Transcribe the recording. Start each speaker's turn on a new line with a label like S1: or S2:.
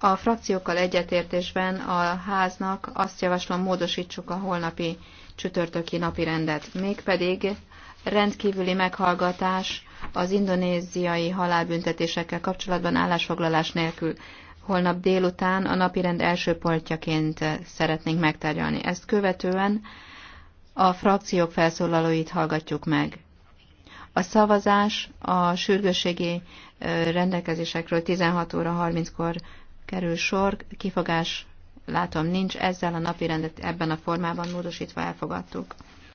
S1: A frakciókkal egyetértésben a háznak azt javaslom, módosítsuk a holnapi csütörtöki napi rendet. Mégpedig rendkívüli meghallgatás az indonéziai halálbüntetésekkel kapcsolatban állásfoglalás nélkül. Holnap délután a napirend első pontjaként szeretnénk megtárgyalni. Ezt követően a frakciók felszólalóit hallgatjuk meg. A szavazás a sürgősségi rendelkezésekről 16 óra 30-kor kerül sor, kifogás látom nincs, ezzel a napi rendet ebben a formában módosítva elfogadtuk.